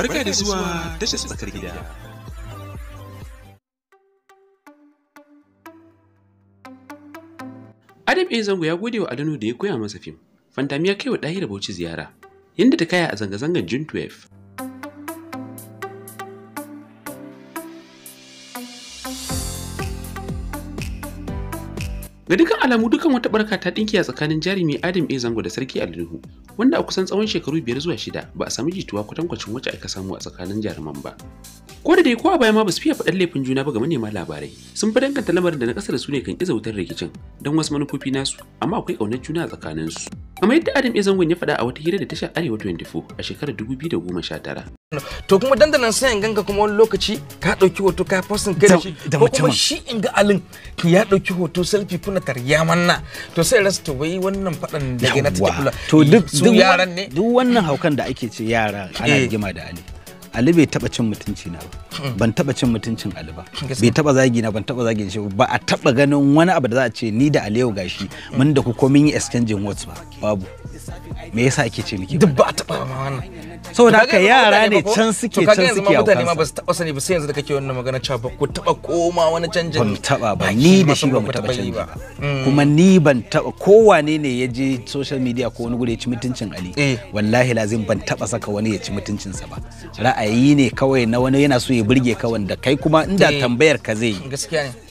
Barka da zuwa tashar tsakar gida. Adam A. Zango ya gode wa Adano da ya koya masa fim. Fantami ya kai wa ɗahira Bauchi ziyara, yadda ta kaya a zanga-zangar June 12. Ga dukkan alamu dukkan wata barka ta dinki a tsakanin jarumi Adam A Zango da Sarki Alinuhu, wanda a kusan tsawon shekaru biyar zuwa shida ba a samu jituwa kwatankwacin wacce aka samu a tsakanin jaruman ba. Ko da dai ko a baya ma ba su fiye faɗan laifin juna ba ga manema labarai, sun fi danganta lamarin da na ƙasa da su ne kan iza wutar rikicin don wasu manufofi nasu, amma akwai ƙaunar juna a tsakaninsu. kamar yadda adam ya zangon ya faɗa a wata hira da tashar arewa 24 a shekarar 2019 to kuma dandanan sayan ganga kuma wani lokaci ka ɗauki hoto ka fasin kai da shi ko kuma shi in ga alin ki ya ɗauki hoto selfie kuna tarya manna to sai rasa to wai wannan faɗan da ke na take kula to duk yaran ne duk wannan haukan da ake ce yara ana eh. rigima da ali Ali bai taba cin mutunci na ba hmm. ban taba cin mutuncin Ali ba bai taba zagi na ban taba zagi shi ba a taba ganin wani abu da za a ce ni da Aliyu gashi hmm. mun da ku komin yi exchanging words ba babu me yasa ake ce miki duk ba a taba ma wannan saboda haka yara ne can suke can suke a kansa ba su taba sani ba sai yanzu da kake wannan magana cewa ba ku taba koma wani canjin ban taba ba ni da shi ba mu taba canji ba hmm. kuma ni ban taba kowane ne ya je social media ko wani gure ya ci mutuncin Ali eh. wallahi lazim ban taba saka wani ya ci mutuncinsa ba A yi ne kawai na wani yana so ya burge ka wanda kai kuma inda eh, tambayar ka zai yi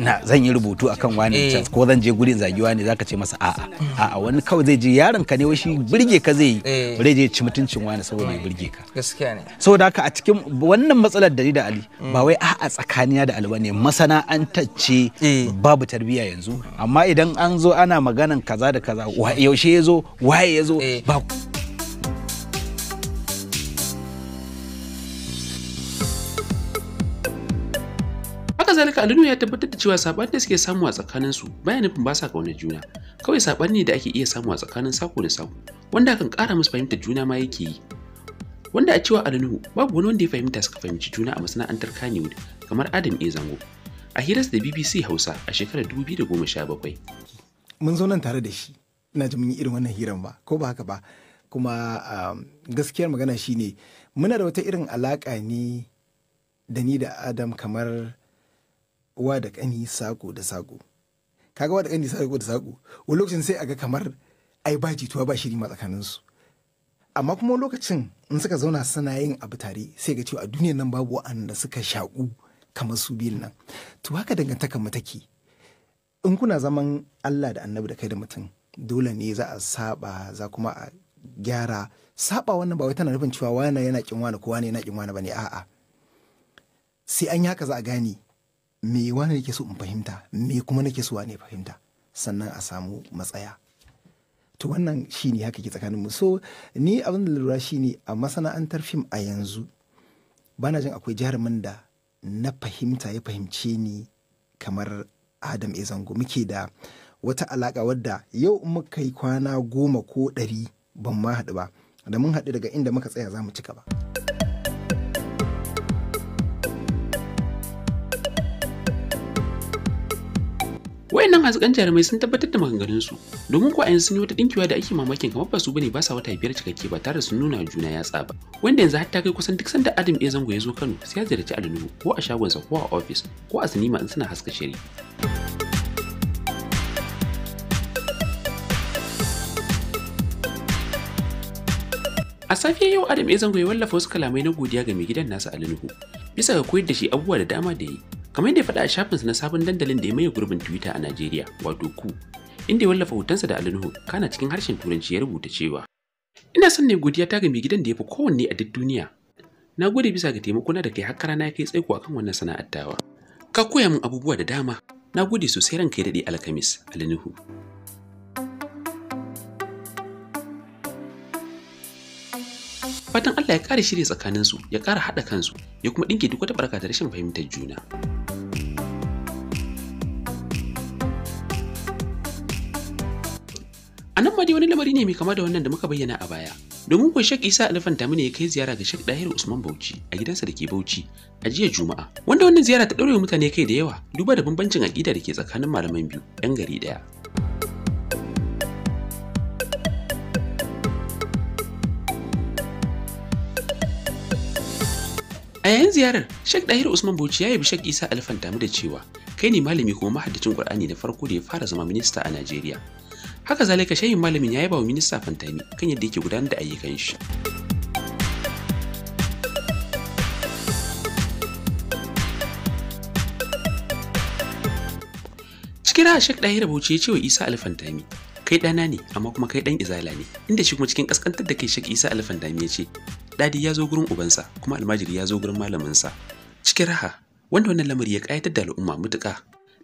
na zan yi rubutu akan wani eh. can ko zan je gurin zagi wani zaka ce masa a'a a'a wani kawai zai je yaron ka ne wai shi burge ka zai yi eh. bare je ci mutuncin wani saboda ya burge ka gaskiya ne saboda haka a cikin wannan matsalar da mm. da Ali ba wai a'a tsakaniya da Ali an tacce babu tarbiyya yanzu amma idan an zo ana maganan kaza da kaza yaushe ya zo waye ya zo ba kazalika alinu ya tabbatar da cewa saɓani da suke samu a tsakanin su baya nufin ba sa ƙaunar juna kawai saɓani ne da ake iya samu a tsakanin sako da sako wanda kan kara musu fahimtar juna ma yake yi wanda a cewa alinu babu wani wanda ya fahimta suka fahimci juna a masana'antar kanewood kamar adam e zango a hiras da bbc hausa a shekarar 2017 mun zo nan tare da shi ina ji mun yi irin wannan hiran ba ko ba haka ba kuma um, gaskiyar magana shine muna da wata irin alaka ne da ni da adam kamar wa da kani sako da sako kaga wa da kani sako da sako wani lokacin sai a ga kamar ai ba jituwa ba shiri ma tsakanin su amma kuma lokacin in suka zauna suna yin abu tare sai ga cewa a duniyar nan babu wa'anda suka shaƙu kamar su biyun nan to haka dangantaka mu take in kuna zaman Allah da annabi da kai da mutum dole ne za a saba za kuma a gyara saba wannan ba wai tana nufin cewa wani yana kin wani ko wani yana kin wani bane a'a sai an yi haka za a gane me wani nake so in fahimta me kuma nake so ne fahimta sannan a samu matsaya to wannan shine haka ke tsakanin mu so ni abin da lura shine a masana'antar fim a yanzu bana jin akwai jarumin da na fahimta ya fahimce ni kamar adam ezango muke da wata alaka wadda yau muka yi kwana goma ko ɗari ban ma haɗu ba da mun haɗu daga inda muka tsaya za mu cika ba. wayannan hazikan jarumai sun tabbatar da maganganunsu domin ko a yanzu sun yi wata dinkiwa da ake mamakin kamar ba su bane ba sa wata biyar cikakke ba tare da sun nuna juna ya tsaba, wanda yanzu har ta kai kusan duk sanda adam ɗaya zango ya zo kano sai ya ziyarci alinuhu ko a shagonsa ko a ofis ko a sinima in suna haska shiri A safiya yau Adam Ezango ya wallafa wasu kalamai na godiya ga mai gidan nasa Alinuhu, bisa ga koyar da shi abubuwa da dama da yi, kamar yadda ya faɗa a shafinsa na sabon dandalin da ya maye gurbin twitter a najeriya wato ku inda ya wallafa hotonsa da alinuhu kana cikin harshen turanci ya rubuta cewa ina son ne godiya ta ga mai gidan da ya fi kowanne a duk duniya na gode bisa ga na da kai har rana ya kai tsaiko akan wannan sana'ar tawa ka koya min abubuwa da dama na gode sosai ranka ya daɗe alkamis Nuhu. fatan Allah ya ƙara shirya tsakaninsu ya kara haɗa kansu ya kuma ɗinke duk wata barka da rashin fahimtar juna. ba dai wani lamari ne mai kama da wannan da muka bayyana a baya. Domin kuwa Sheikh Isa Alfanta mune ya kai ziyara ga Sheikh Dahir Usman Bauchi a gidansa da ke Bauchi a jiya Juma'a. Wanda wannan ziyara ta ɗaure mutane kai da yawa duba da bambancin aƙida da ke tsakanin malaman biyu ɗan gari ɗaya. A yayin ziyarar, Sheikh Dahir Usman Bauchi ya yabi Sheikh Isa Alfanta da cewa kai ne malami kuma mahaddacin Qur'ani na farko da ya fara zama minista a Najeriya. haka zalika shehin malamin ya yaba wa minista fantani kan yadda yake gudanar da ayyukan shi cikin raha shek ɗaya bauchi ya ce wa isa alfantami kai ɗana ne amma kuma kai ɗan izala ne inda shi kuma cikin ƙasƙantar da kai shek isa alfantami ya ce ɗadi ya zo gurin ubansa kuma almajiri ya zo gurin malaminsa cikin raha wanda wannan lamari ya ƙayatar da al'umma mutuƙa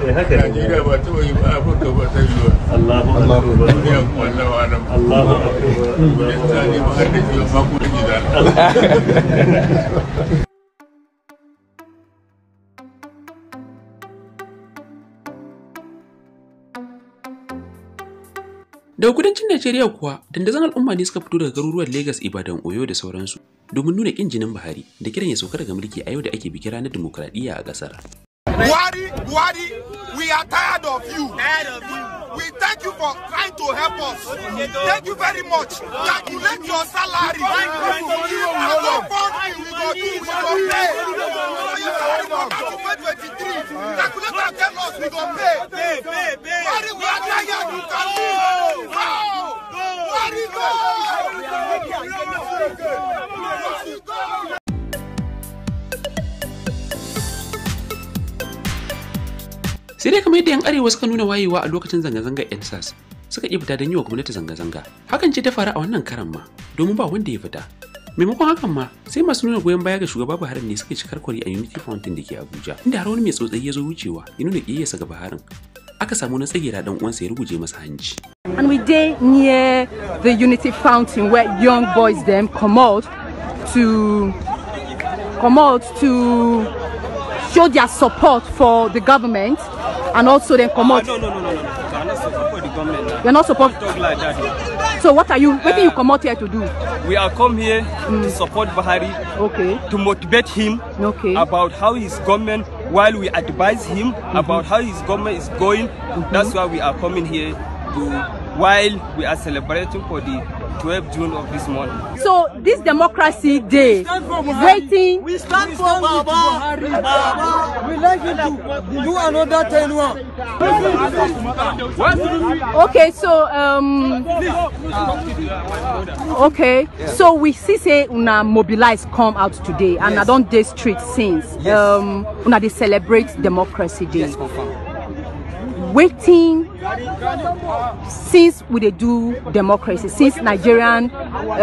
Eh, Najeriya ba da kudancin Najeriya kuwa, dandazon al'umma ne suka fito daga garuruwan Legas, Ibadan, Oyo da sauransu domin nuna kin jinin Buhari da kiran ya sauka daga mulki a yau da ake bikin ranar dimokuraɗiyya a ƙasar. Buhari, Buhari, We are tired of you. Tired of you. We thank you for trying to help us. Thank you very much. Calculate your salary. And go fund you. We go do. We go pay. Your salary for Calculate 23. Calculate and tell us we go pay. Pay, pay, pay. Worry, we are tired. You can leave. Go. Worry, go. Worry, go. sai dai kamar arewa suka nuna wayewa a lokacin zanga-zangar sas suka ƙi fita don yi wa gwamnati zanga-zanga hakan ce ta faru a wannan karan ma domin ba wanda ya fita maimakon hakan ma sai masu nuna goyon baya ga shugaba buhari ne suka ci karkwari a unity fountain da ke abuja inda har wani mai ya zo wucewa ya nuna ƙiyayyarsa ga aka samu na tsagera dan uwansa ya ruguje masa hanci and we dey near the unity fountain where young boys come out to out to show their support for the government and also then come out. Uh, no, no, no, no, no. no. I'm not supporting the government. Now. You're not supporting. Talk like that. So what are you? What uh, do you come out here to do? We are come here mm. to support Bahari. Okay. To motivate him. Okay. About how his government, while we advise him mm -hmm. about how his government is going, mm -hmm. that's mm-hmm. why we are coming here to while we are celebrating for the 12 June of this month. So this Democracy Day, waiting. We stand for Baba. Baba. We like you to do another ten one. Okay, so um. Okay, so we see say una mobilize come out today, and yes. I don't day street since. Yes. Um, una dey celebrate Democracy Day. Yes, confirm waiting since we dey do democracy since nigerian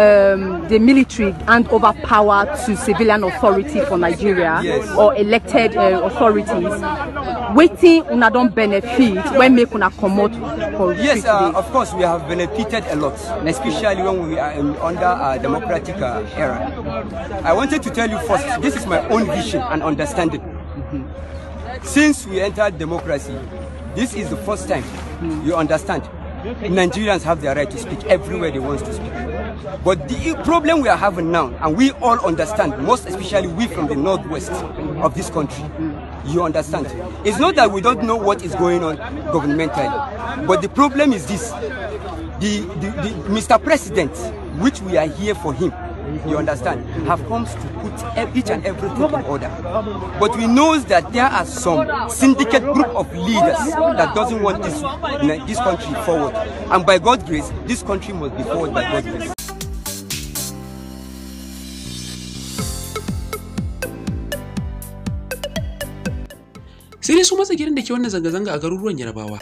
um, the military hand over power to civilian authority for nigeria yes. or elected uh, authorities wetin una don benefit wey make una comot for free yes uh, of course we have benefited a lot especially when we are in, um, under a uh, democratic uh, era i wanted to tell you first this is my own vision and understanding mm -hmm. since we entered democracy This is the first time, you understand, Nigerians have their right to speak everywhere they want to speak. But the problem we are having now, and we all understand, most especially we from the northwest of this country, you understand? It's not that we don't know what is going on governmentally, but the problem is this. The, the, the Mr. President, which we are here for him, you understand, have come to put each and everything in order. But we know that there are some syndicate group of leaders that doesn't want this, this country forward. And by God's grace, this country must be forward by God's grace. sai dai su matsa gidan da ke wannan zanga-zanga a garuruwan yarabawa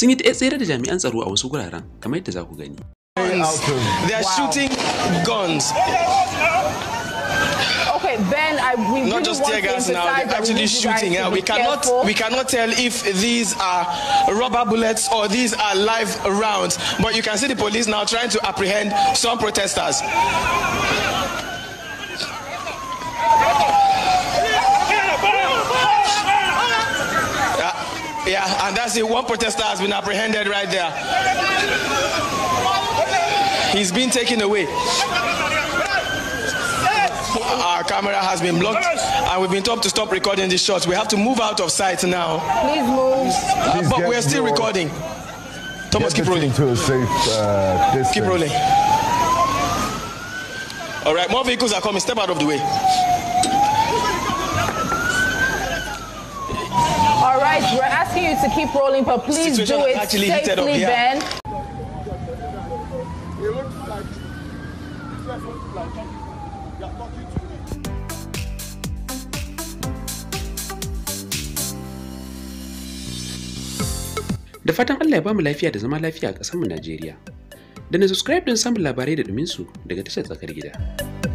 sun yi ta tsere da jami'an tsaro a wasu guraren kamar yadda za ku gani guns. They are wow. shooting guns. Okay, Ben, I, we not just tear gas now. They're actually shooting. Yeah, we cannot careful. we cannot tell if these are rubber bullets or these are live rounds. But you can see the police now trying to apprehend some protesters. Yeah, and that's it. One protester has been apprehended right there. He's been taken away. Our camera has been blocked, and we've been told to stop recording this shot. We have to move out of sight now. Please move. Please but we're still recording. Thomas, keep rolling. To a safe, uh, keep rolling. All right, more vehicles are coming. Step out of the way. All right, we're asking you to keep rolling, but please Situation do it actually safely, Ben. Da fatan Allah ya ba mu lafiya da zama lafiya a ƙasarmu Najeriya. Da na subscribe don samun labarai da ɗuminsu daga tashar tsakar gida.